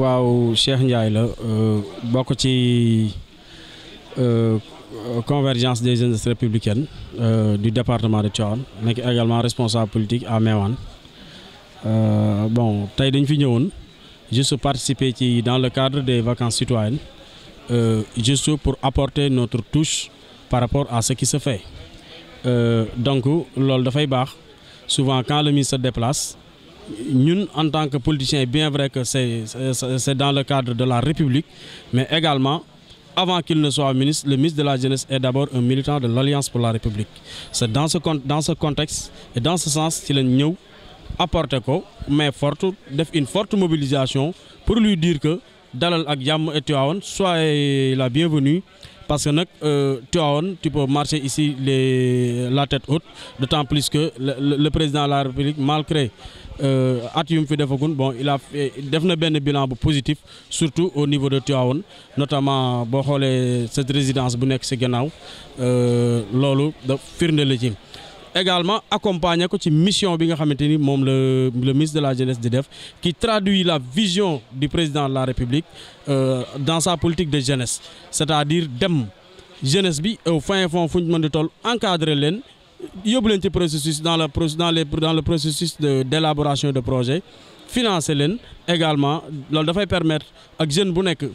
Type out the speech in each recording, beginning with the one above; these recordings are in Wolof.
waaw Cheikh Ndiaye la euh, bokk ci euh, convergence des jeunes républicaines euh, du département de Tivaouane nekk également responsable politique à Méouane bon tey dañ fi ñëwoon juste participer ci dans le cadre des vacances citoyennes juste pour apporter notre touche par rapport à ce qui se fait donc loolu dafay baax souvent quand le ministre se déplace ñun en tant que politicien bien vrai que c'est c'est dans le cadre de la République mais également avant qu'il ne soit ministre le ministre de la jeunesse est d'abord un militant de l'Alliance pour la République c'est dans ce dans ce contexte et dans ce sens ci lañ ñëw apporter ko mais forte def une forte mobilisation pour lui dire que dalal ak jàmm et Tivaouane soyez la bienvenue parce que nag euh, Tivaouane tu peux marcher ici les la tête haute d'autant plus que le, le président de la République malgré euh, at yu mu fi bon il a def na benn bilan bu positif surtout au niveau de Tivaouane notamment boo xoolee cette résidence bu nekk ci gannaaw euh, loolu da firnde la ci également accompagner ko ci mission bi nga xamante ni moom la le ministre de la jeunesse di def qui traduit la vision du président de la république euh, dans sa politique de jeunesse c'est-à-dire dem jeunesse bi au fin fond fu ñu mën di toll encadrer leen yóbbu leen ci processus dans la dans les dans le processus de d'élaboration de projet financé leen également loolu dafay permettre ak jeune bu nekk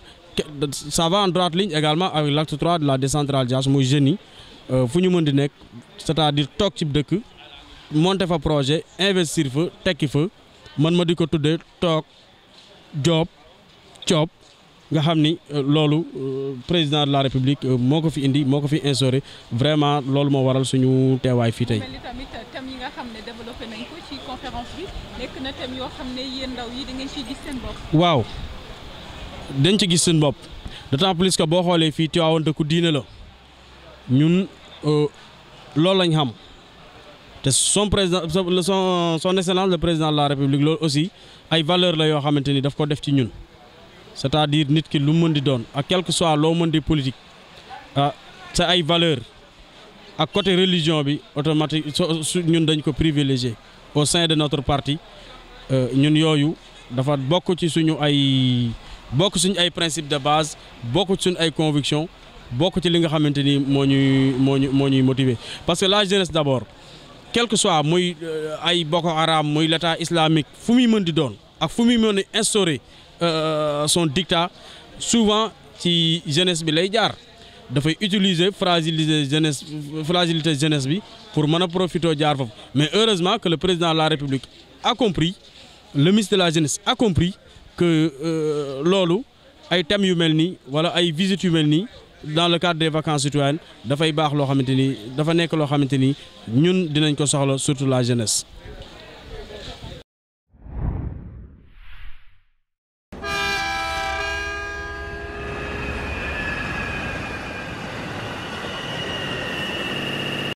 ça va en droite ligne également avec l'acte 3 de la décentralisation muy jeunes yi Euh, fu ñu mën di nekk cest à toog ci dëkk monter fa projet investir fa tekki fa man ma di ko tuddee toog joob coob nga xam ni euh, loolu euh, président de la république moo ko fi indi moo ko fi instauré vraiment loolu moo waral suñu teewaay fii tey. waaw dañ ci gis seen bopp d'autant plus boo xoolee fii Tivaouane dëkku diine la ñun Euh, loolu lañ xam te son président son son excellence le président de la république loolu aussi ay valeur la yoo xamante ni daf ko def ci ñun c'est-à-dire nit ki lu mën di doon ak quelque que loo mën di politique ah sa ay valeur ak côté religion bi automatique su ñun dañ ko privilégié au sein de notre parti euh, ñun yooyu dafa bokk ci suñu ay bokk suñu ay principe de base bokk ci suñu ay conviction bokk ci li nga xamante ni moo ñuy moo ñu moo ñuy motiver parce que la jeunesse d'abord quelque que soit muy euh, ay Boko Haram muy l'état islamique fu muy mën di doon ak fu muy mën a instaurer euh, son dictat souvent ci jeunesse bi lay jaar dafay utiliser fragiliser jeunesse fragilité jeunesse bi pour mën a profiter jaar foofu mais heureusement que le président de la République a compris le ministre de la jeunesse a compris que euh, loolu ay thèmes yu mel nii wala ay visites yu mel nii. dans le cadre des vacances citoyennes dafay baax loo xamante ni dafa nekk loo xamante ni ñun dinañ ko soxla surtout la jeunesse.